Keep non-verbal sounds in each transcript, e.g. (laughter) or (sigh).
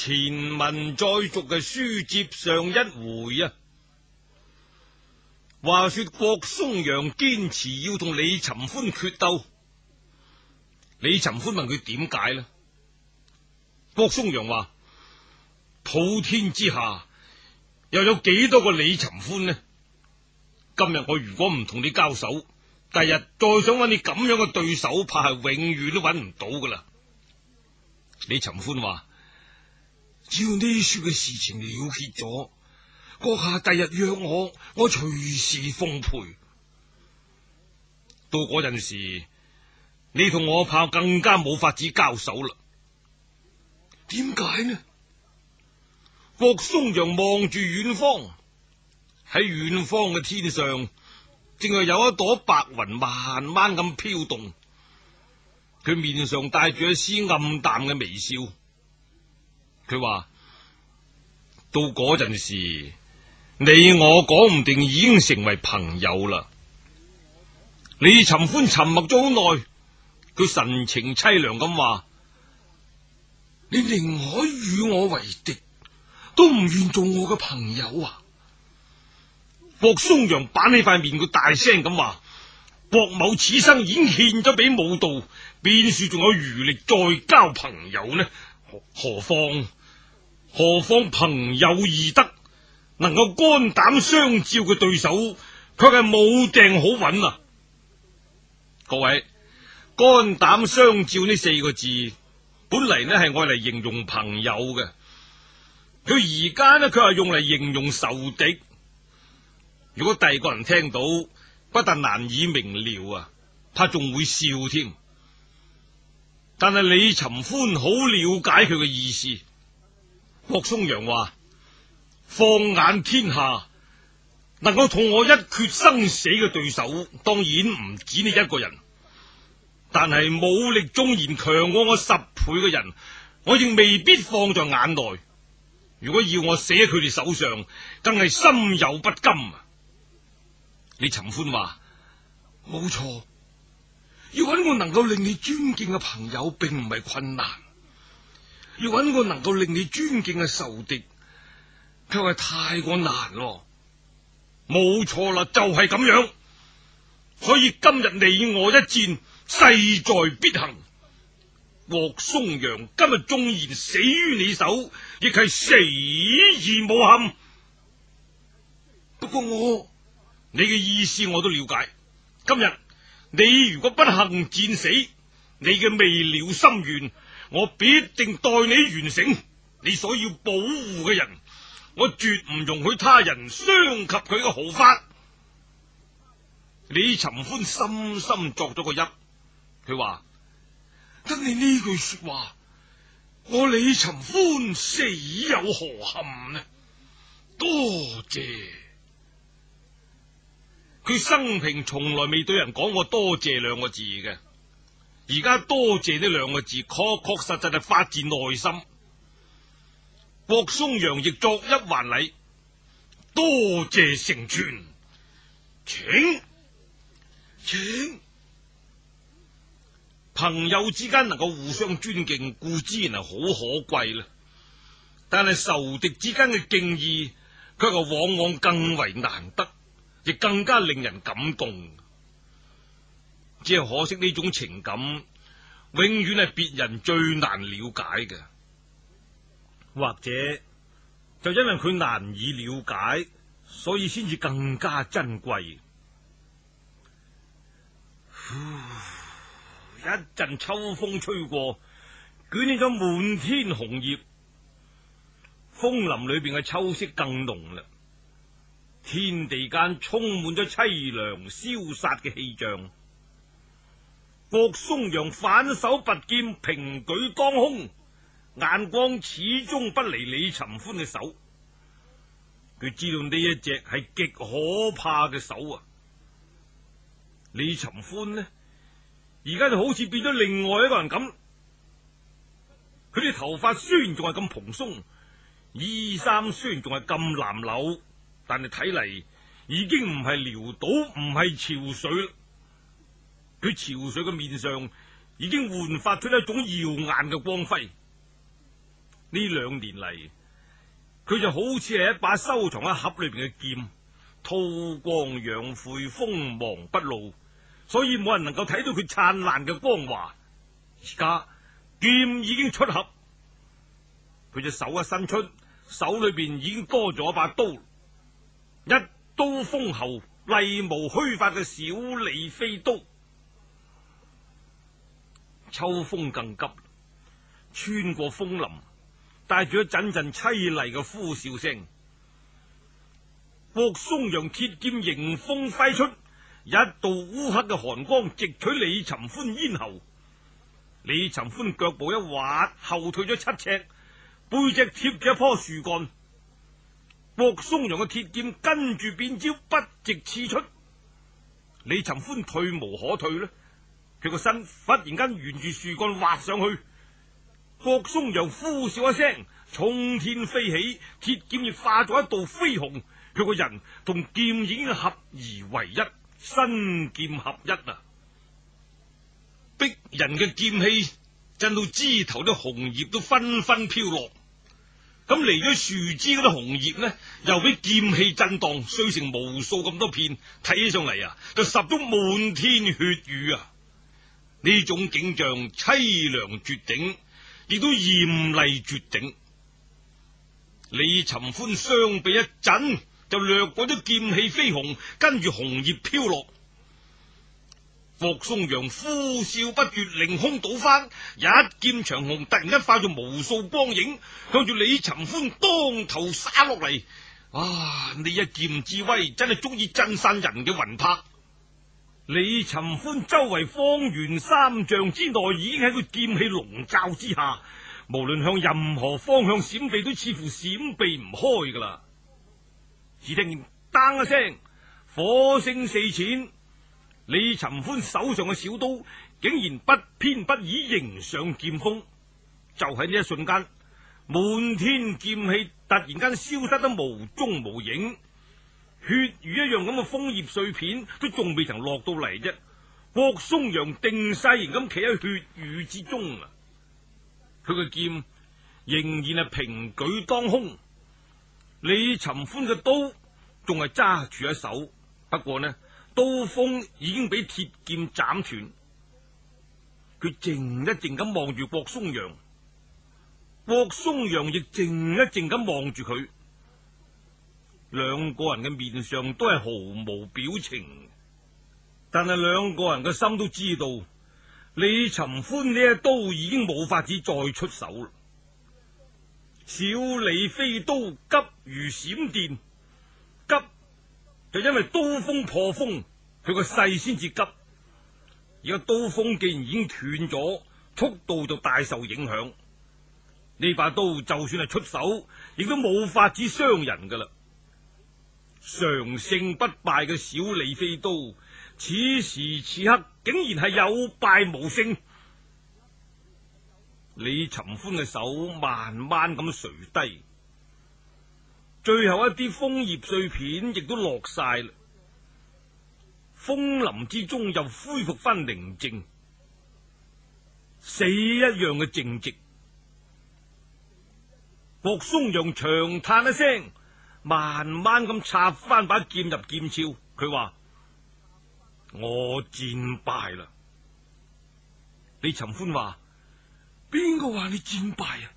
前文再續嘅書接上一回啊，話說郭松陽堅持要同李尋歡決鬥，李尋歡問佢點解呢？郭松陽話：普天之下又有幾多個李尋歡呢？今日我如果唔同你交手，第日再想揾你咁樣嘅對手，怕係永遠都揾唔到噶啦。李尋歡話。只要呢處嘅事情了結咗，閣下第日約我，我隨時奉陪。到陣時，你同我怕更加冇法子交手啦。點解呢？郭松陽望住遠方，喺遠方嘅天上，正係有一朵白雲慢慢咁飄動。佢面上帶住一絲暗淡嘅微笑。佢話：到嗰陣時，你我講唔定已經成為朋友啦。李尋歡沉默咗好耐，佢神情凄涼咁話：你寧可與我為敵，都唔願做我嘅朋友啊！郭松陽板起塊面，佢大聲咁話：郭某此生已經獻咗俾武道，邊說仲有餘力再交朋友呢？何何？況何況朋友易得，能夠肝膽相照嘅對手，佢係冇掟好搵啊！各位，肝膽相照呢四個字，本嚟呢係用嚟形容朋友嘅，佢而家呢佢係用嚟形容仇敵。如果第二個人聽到，不但難以明了啊，怕仲會笑添。但係李尋歡好了解佢嘅意思。郭松陽話：放眼天下，能夠同我一決生死嘅對手，當然唔止你一個人。但係武力縱然強過我十倍嘅人，我亦未必放在眼內。如果要我死喺佢哋手上，更係心有不甘。啊。李尋歡話：冇錯，要揾我能夠令你尊敬嘅朋友，並唔係困難。要揾個能夠令你尊敬嘅仇敵，卻係太過難咯。冇錯啦，就係咁樣。所以今日你我一戰，勢在必行。霍松陽今日縱然死於你手，亦係死而無憾。不過我，你嘅意思我都了解。今日你如果不幸戰死，你嘅未了心願。我必定代你完成你所要保護嘅人，我絕唔容許他人傷及佢嘅毫發。李尋歡深深作咗個揖，佢話：跟你呢句說話，我李尋歡死有何憾呢？多謝，佢生平從來未對人講過多謝兩個字嘅。而家多謝呢兩個字確確實實係發自內心。郭嵩陽亦作一還禮，多謝成全，請請。朋友之間能夠互相尊敬，固之然係好可貴啦。但係仇敵之間嘅敬意，佢又往往更為難得，亦更加令人感動。只係可惜呢種情感，永遠係別人最難了解嘅。或者，就因為佢難以了解，所以先至更加珍貴。呃，一陣秋風吹過，捲起咗滿天紅葉，楓林裏邊嘅秋色更濃嘞，天地間充滿咗凄涼、蕭殺嘅氣象。郭松陽反手拔劍，平舉當空，眼光始終不離李尋歡嘅手。佢知道呢一隻係極可怕嘅手啊！李尋歡呢，而家就好似變咗另外一個人咁。佢啲頭髮雖然仲係咁蓬鬆，衣衫雖然仲係咁襤褸，但係睇嚟已經唔係潦倒唔係潮水喇。佢憔悴嘅面上已經煥發出一種耀眼嘅光輝。呢兩年嚟，佢就好似係一把收藏喺盒裏邊嘅劍，韜光養晦，鋒芒不露，所以冇人能夠睇到佢燦爛嘅光華。而家劍已經出盒，佢隻手一伸出，手裏邊已經多咗一把刀，一刀封喉，例無虛發嘅小李飛刀。秋風更急，穿過楓林，帶住一陣陣淒厲嘅呼嘯聲。郭松陽鐵劍迎風揮出，一道烏黑嘅寒光直取李尋歡咽喉。李尋歡腳步一滑，後退咗七尺，背脊貼住一棵樹幹。郭松陽嘅鐵劍跟住變招，不直刺出。李尋歡退無可退啦。佢個身忽然間沿住樹幹滑上去，郭松陽呼嘯一聲，衝天飛起，鐵劍亦化咗一道飛虹。佢個人同劍已經合而為一，身劍合一啊！逼人嘅劍氣震到枝頭啲紅葉都紛紛飄落，咁離咗樹枝嗰啲紅葉呢，又俾劍氣震盪碎成無數咁多片，睇起上嚟啊，就十足滿天血雨啊！呢種景象淒涼絕頂，亦都艷麗絕頂。李尋歡雙臂一振，就掠過咗劍氣飛鴻，跟住紅葉飄落。霍松陽呼嘯不絕，凌空倒翻，一劍長虹突然間化咗無數光影，向住李尋歡當頭灑落嚟。啊，呢一劍之威，真係足以震山散人嘅魂魄。李尋歡周圍方圓三丈之內，已經喺佢劍氣籠罩之下，無論向任何方向閃避，都似乎閃避唔開噶啦。只聽見當一聲，火星四濺，李尋歡手上嘅小刀竟然不偏不倚迎上劍鋒，就喺呢一瞬間，滿天劍氣突然間消失得無蹤無影。血雨一樣咁嘅楓葉碎片都仲未曾落到嚟啫，郭松陽定晒形咁企喺血雨之中啊！佢嘅劍仍然係平舉當空，李尋歡嘅刀仲係揸住一手，不過呢刀鋒已經俾鐵劍斬斷。佢靜一靜咁望住郭松陽，郭松陽亦靜一靜咁望住佢。兩個人嘅面上都係毫無表情，但係兩個人嘅心都知道，李尋歡呢一刀已經冇法子再出手。小李飛刀急如閃電，急就因為刀鋒破風，佢個勢先至急。而家刀鋒既然已經斷咗，速度就大受影響。呢把刀就算係出手，亦都冇法子傷人噶啦。常勝不敗嘅小李飛刀，此時此刻竟然係有敗無勝。李尋歡嘅手慢慢咁垂低，最後一啲楓葉碎片亦都落晒啦。楓林之中又恢復翻寧靜，死一樣嘅靜寂。郭松陽長嘆一聲。慢慢咁插翻把劍入劍鞘，佢話：我戰敗啦！李尋歡話：邊個話你戰敗啊？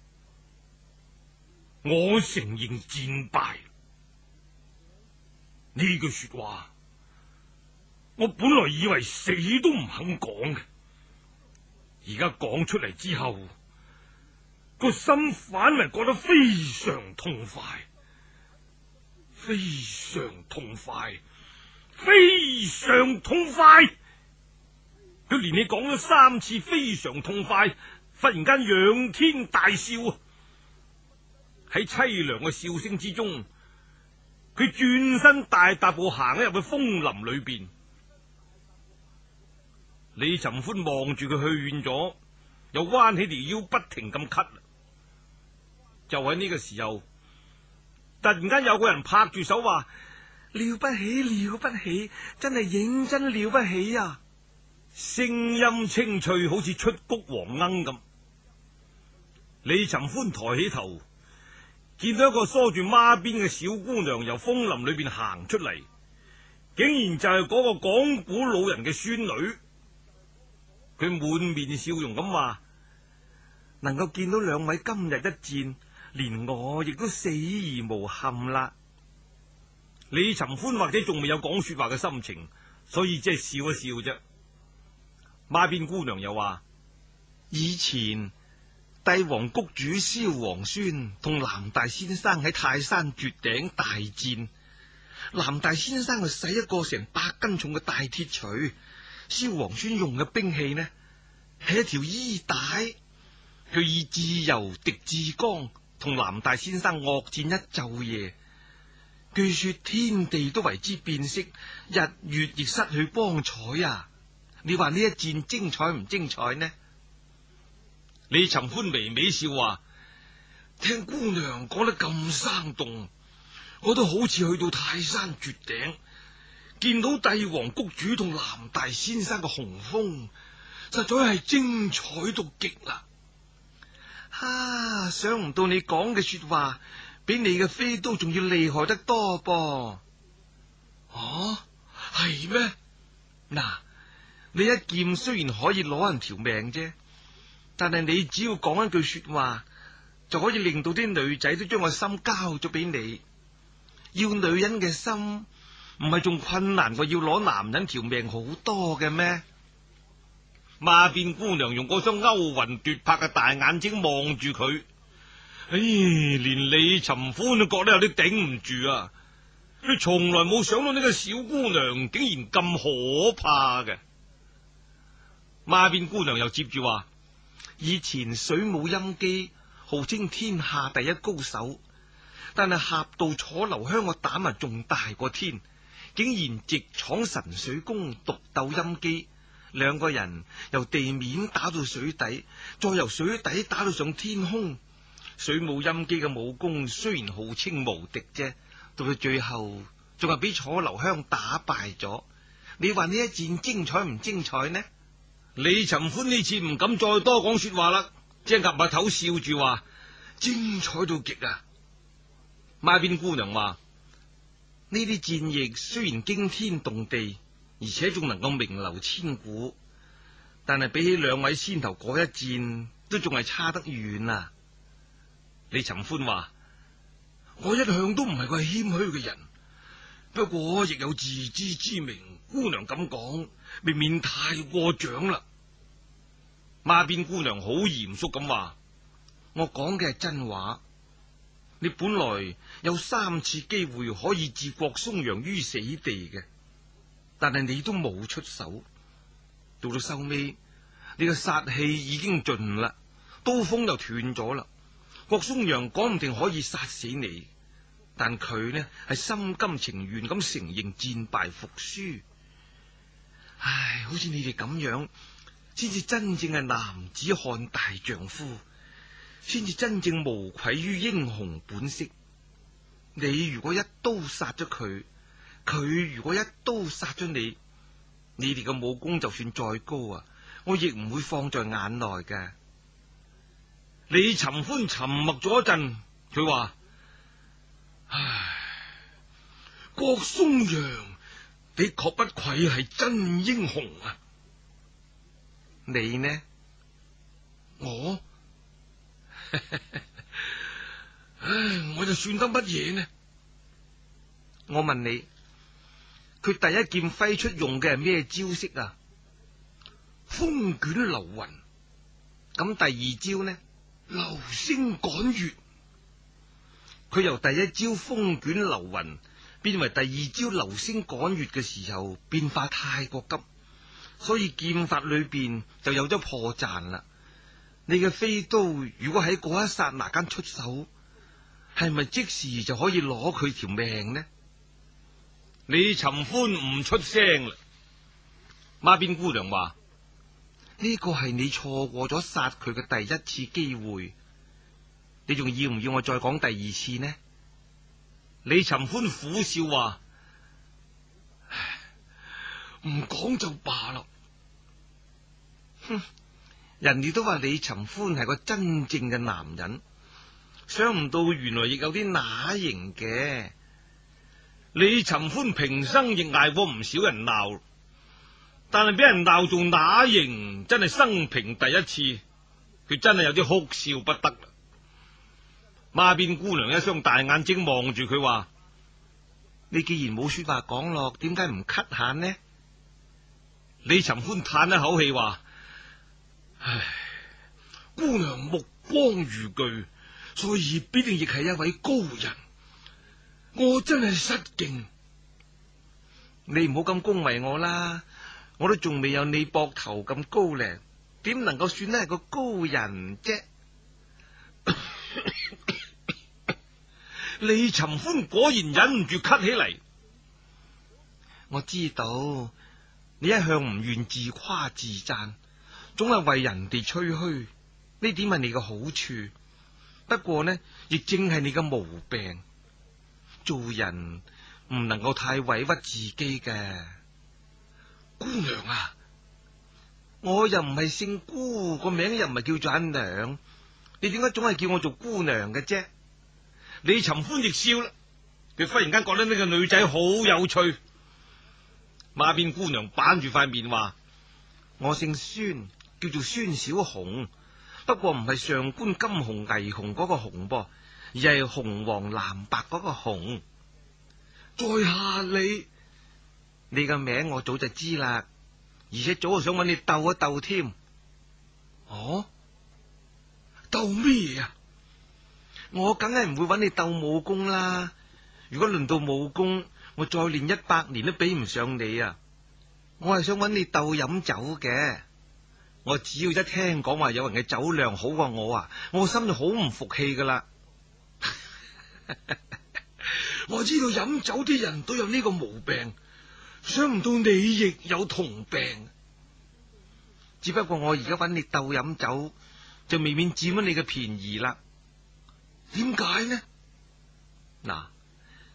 我承認戰敗。呢句說話，我本來以為死都唔肯講嘅，而家講出嚟之後，個心反而覺得非常痛快。非常痛快，非常痛快。佢連你講咗三次非常痛快，忽然間仰天大笑。喺淒涼嘅笑聲之中，佢轉身大踏步行咗入去楓林裏邊。李尋歡望住佢去遠咗，又彎起條腰，不停咁咳，咳。就喺呢個時候。突然間有個人拍住手話：了不起，了不起，真係認真了不起呀！聲音清脆，好似出谷黃鶯咁。李尋歡抬起頭，見到一個梳住孖辮嘅小姑娘由楓林裏邊行出嚟，竟然就係嗰個講古老人嘅孫女。佢滿面笑容咁話：能夠見到兩位今日一戰。連我亦都死而無憾啦！李尋歡或者仲未有講說話嘅心情，所以即係笑一笑啫。馬鞭姑娘又話：以前帝王谷主蕭皇孫同南大先生喺泰山絕頂大戰，南大先生係使一個成百斤重嘅大鐵錘，蕭皇孫用嘅兵器呢係一條衣帶，佢以至柔敵至剛。同南大先生惡戰一晝夜，據說天地都為之變色，日月亦失去光彩啊！你話呢一戰精彩唔精彩呢？李尋歡微微笑話：聽姑娘講得咁生動，我都好似去到泰山絕頂，見到帝王谷主同南大先生嘅雄風，實在係精彩到極啦！哈、啊！想唔到你講嘅說話，比你嘅飛刀仲要厲害得多噃。哦，係咩？嗱，你一劍雖然可以攞人條命啫，但係你只要講一句說話，就可以令到啲女仔都將個心交咗俾你。要女人嘅心，唔係仲困難過要攞男人條命好多嘅咩？馬鞭姑娘用嗰雙勾魂奪魄嘅大眼睛望住佢，唉，連李尋歡都覺得有啲頂唔住啊！佢從來冇想到呢個小姑娘竟然咁可怕嘅。馬鞭姑娘又接住話：以前水母音機號稱天下第一高手，但係俠盜楚留香個膽啊仲大過天，竟然直闖神水宮獨鬥音機。兩個人由地面打到水底，再由水底打到上天空。水母陰姬嘅武功雖然號稱無敵啫，到佢最後仲係俾楚留香打敗咗。你話呢一戰精彩唔精彩呢？李尋歡呢次唔敢再多講說話啦，即係岌下頭笑住話：精彩到極啊！麥邊姑娘話：呢啲戰役雖然驚天動地。而且仲能夠名留千古，但係比起兩位先頭嗰一戰，都仲係差得遠啊！李尋歡話：我一向都唔係個謙虛嘅人，不過亦有自知之明。姑娘咁講，未免太過獎啦。馬邊姑娘好嚴肅咁話：我講嘅係真話。你本來有三次機會可以置郭嵩陽於死地嘅。但係你都冇出手，到到收尾，你嘅殺氣已經盡啦，刀鋒又斷咗啦。郭松陽講唔定可以殺死你，但佢呢係心甘情願咁承認戰敗服輸。唉，好似你哋咁樣，先至真正係男子漢大丈夫，先至真正無愧於英雄本色。你如果一刀殺咗佢。佢如果一刀殺咗你，你哋嘅武功就算再高啊，我亦唔會放在眼內嘅。李尋歡沉默咗一陣，佢話：唉，郭松陽，你確不愧係真英雄啊。你呢？我 (laughs) 唉，我就算得乜嘢呢？我問你。佢第一劍揮出用嘅係咩招式啊？風捲流雲。咁第二招呢？流星趕月。佢由第一招風捲流雲變為第二招流星趕月嘅時候，變化太過急，所以劍法裏邊就有咗破綻啦。你嘅飛刀如果喺嗰一剎那間出手，係咪即時就可以攞佢條命呢？李尋歡唔出聲啦，馬鞭姑娘話：呢個係你錯過咗殺佢嘅第一次機會，你仲要唔要我再講第二次呢？李尋歡苦笑話：唉，唔講就罷咯。哼，人哋都話李尋歡係個真正嘅男人，想唔到原來亦有啲乸型嘅。李尋歡平生亦挨過唔少人鬧，但係俾人鬧仲打型，真係生平第一次。佢真係有啲哭笑不得喇。孖辮姑娘一雙大眼睛望住佢話：你既然冇說話講落，點解唔咳下呢？李尋歡嘆一口氣話：唉，姑娘目光如炬，所以必定亦係一位高人。我真係失敬，你唔好咁恭維我啦！我都仲未有你膊頭咁高靚，點能夠算得係個高人啫？李 (laughs) 尋歡果然忍唔住咳起嚟，我知道你一向唔願自誇自讚，總係為人哋吹噓，呢點係你個好處。不過呢，亦正係你個毛病。做人唔能夠太委屈自己嘅，姑娘啊！我又唔係姓姑，個名又唔係叫做阿娘，你點解總係叫我做姑娘嘅啫？李尋歡亦笑啦，佢忽然間覺得呢個女仔好有趣。馬鞭姑娘板住塊面話：我姓孫，叫做孫小紅，不過唔係上官金虹、魏鴻嗰個虹噃。而係紅黃藍白嗰個紅，在下你，你個名我早就知啦，而且早就想揾你鬥一鬥添。哦，鬥咩啊？我梗係唔會揾你鬥武功啦。如果輪到武功，我再練一百年都比唔上你啊！我係想揾你鬥飲酒嘅。我只要一聽講話有人嘅酒量好過我啊，我心就好唔服氣噶啦。我 (laughs) 知道飲酒啲人都有呢個毛病，想唔到你亦有同病。只不過我而家揾你鬥飲酒，就未免佔咗你嘅便宜啦。點解呢？嗱，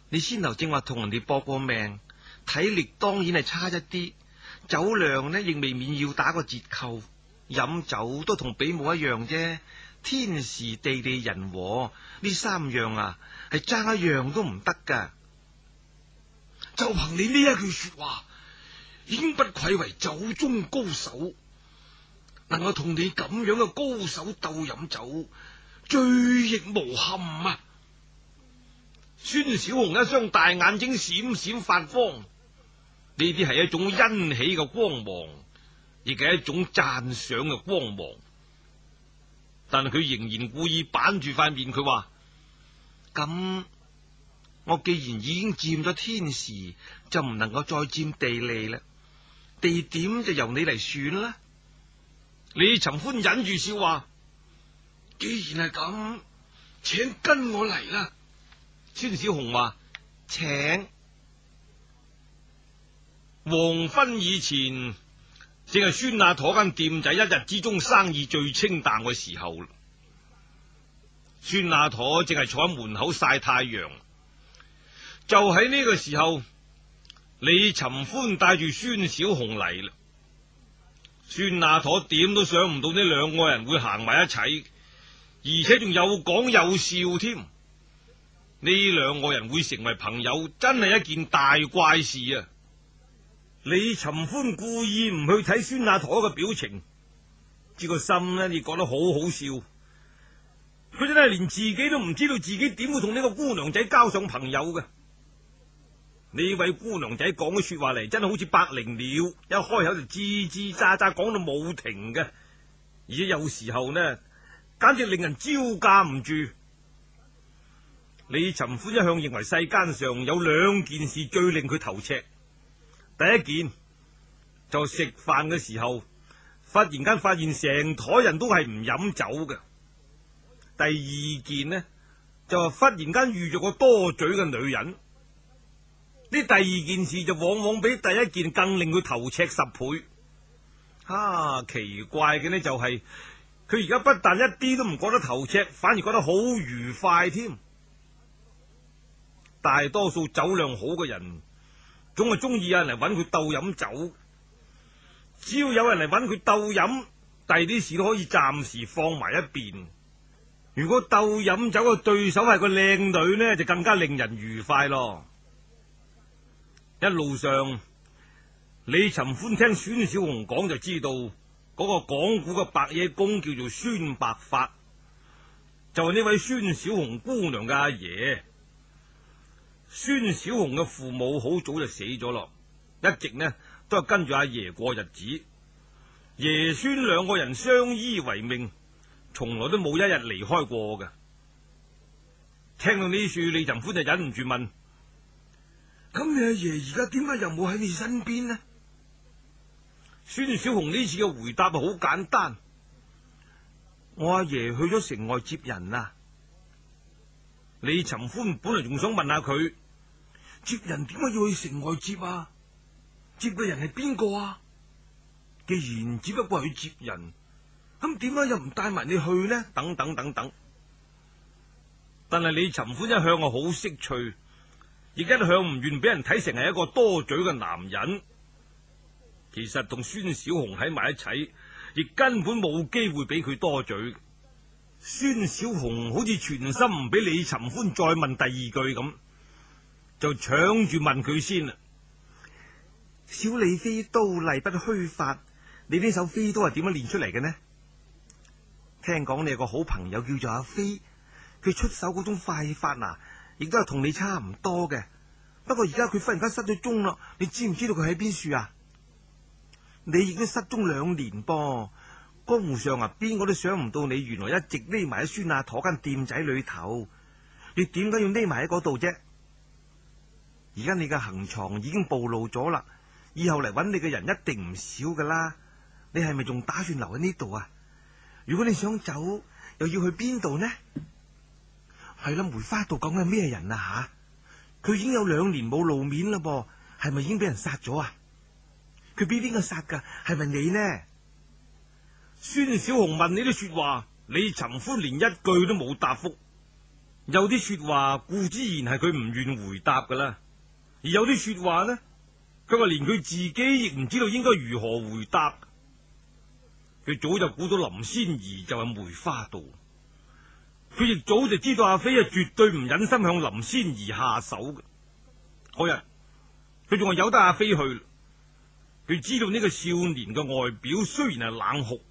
你先頭正話同人哋搏過命，體力當然係差一啲，酒量呢亦未免要打個折扣。飲酒都同比武一樣啫，天時地利人和呢三樣啊。係差一樣都唔得噶，就憑你呢一句說話，已經不愧為酒中高手。能夠同你咁樣嘅高手鬥飲酒，醉亦無憾啊！孫小紅一雙大眼睛閃閃發光，呢啲係一種欣喜嘅光芒，亦係一種讚賞嘅光芒。但係佢仍然故意板住塊面，佢話。咁，我既然已經佔咗天時，就唔能夠再佔地利啦。地點就由你嚟選啦。李尋歡忍住笑話：既然係咁，請跟我嚟啦。孫小紅話：請。黃昏以前，正係孫亞妥間店仔一日之中生意最清淡嘅時候。孫孫亞陀淨係坐喺門口曬太陽，就喺呢個時候，李尋歡帶住孫小紅嚟啦。孫孫亞陀點都想唔到呢兩個人會行埋一齊，而且仲有講有笑添。呢兩個人會成為朋友，真係一件大怪事啊！李尋歡故意唔去睇孫孫亞陀嘅表情，只個心呢，亦覺得好好笑。佢真係連自己都唔知道自己點會同呢個姑娘仔交上朋友嘅。呢位姑娘仔講嘅說話嚟，真係好似百靈鳥，一開口就吱吱喳喳講到冇停嘅，而且有時候呢，簡直令人招架唔住。李尋歡一向認為世間上有兩件事最令佢頭赤，第一件就食飯嘅時候，忽然間發現成枱人都係唔飲酒嘅。第二件呢，就係忽然間遇着個多嘴嘅女人，呢第二件事就往往比第一件更令佢頭赤十倍。啊，奇怪嘅呢就係，佢而家不但一啲都唔覺得頭赤，反而覺得好愉快添。大多數酒量好嘅人，總係中意有人嚟搵佢鬥飲酒。只要有人嚟搵佢鬥飲，第二啲事都可以暫時放埋一邊。如果鬥飲酒嘅對手係個靚女呢，就更加令人愉快咯。一路上，李尋歡聽孫小紅講，就知道嗰個講古嘅白野公叫做孫白髮，就係呢位孫小紅姑娘嘅阿爺。孫小紅嘅父母好早就死咗咯，一直呢都係跟住阿爺過日子，爺孫兩個人相依為命。從來都冇一日離開過嘅。聽到呢處，李尋歡就忍唔住問：咁你阿爺而家點解又冇喺你身邊呢？孫小紅呢次嘅回答好簡單，我阿爺去咗城外接人啦。李尋歡本來仲想問下佢，接人點解要去城外接啊？接嘅人係邊個啊？既然只不過去接人。咁點解又唔帶埋你去呢？等等等等，但係李尋歡一向我好識趣，亦一向唔願俾人睇成係一個多嘴嘅男人。其實同孫小紅喺埋一齊，亦根本冇機會俾佢多嘴。孫小紅好似全心唔俾李尋歡再問第二句咁，就搶住問佢先啦。小李飛刀例不虛發，你呢手飛刀係點樣練出嚟嘅呢？聽講你有個好朋友叫做阿飛，佢出手嗰種快法啊，亦都係同你差唔多嘅。不過而家佢忽然間失咗蹤啦，你知唔知道佢喺邊處啊？你已經失蹤兩年噃，江湖上啊，邊個都想唔到你原來一直匿埋喺孫阿駝間店仔裏頭。你點解要匿埋喺嗰度啫？而家你嘅行藏已經暴露咗啦，以後嚟搵你嘅人一定唔少噶啦。你係咪仲打算留喺呢度啊？如果你想走，又要去邊度呢？係啦，梅花道講緊咩人啊？吓，佢已經有兩年冇露面嘞噃，係咪已經俾人殺咗啊？佢俾邊個殺噶？係咪你呢？孫小紅問你啲說話，李尋歡連一句都冇答復。有啲說話，固之然係佢唔願回答噶啦，而有啲說話呢，佢話連佢自己亦唔知道應該如何回答。佢早就估到林仙兒就係梅花盜，佢亦早就知道阿飛啊絕對唔忍心向林仙兒下手嘅。嗰日佢仲係由得阿飛去，佢知道呢個少年嘅外表雖然係冷酷，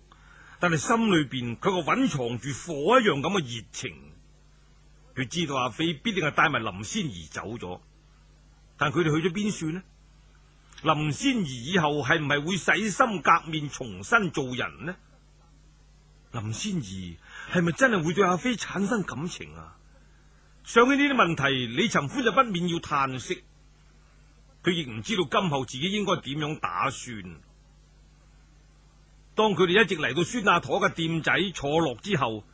但係心裏邊佢個蘊藏住火一樣咁嘅熱情。佢知道阿飛必定係帶埋林仙兒走咗，但佢哋去咗邊算呢？林仙兒以後係唔係會洗心革面重新做人呢？林仙兒係咪真係會對阿飛產生感情啊？想起呢啲問題，李尋歡就不免要嘆息。佢亦唔知道今後自己應該點樣打算。當佢哋一直嚟到孫阿陀嘅店仔坐落之後，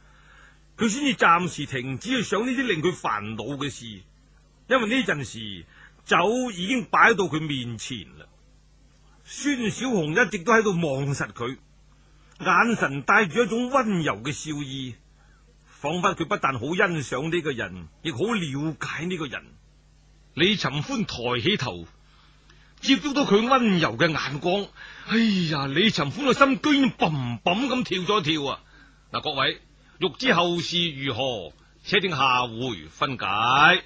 佢先至暫時停止去想呢啲令佢煩惱嘅事，因為呢陣時。酒已經擺到佢面前啦，孫小紅一直都喺度望實佢，眼神帶住一種溫柔嘅笑意，仿佛佢不但好欣賞呢個人，亦好了解呢個人。李尋歡抬起頭，接觸到佢溫柔嘅眼光，哎呀！李尋歡個心居然砰砰咁跳咗跳啊！嗱，各位欲知後事如何，且聽下回分解。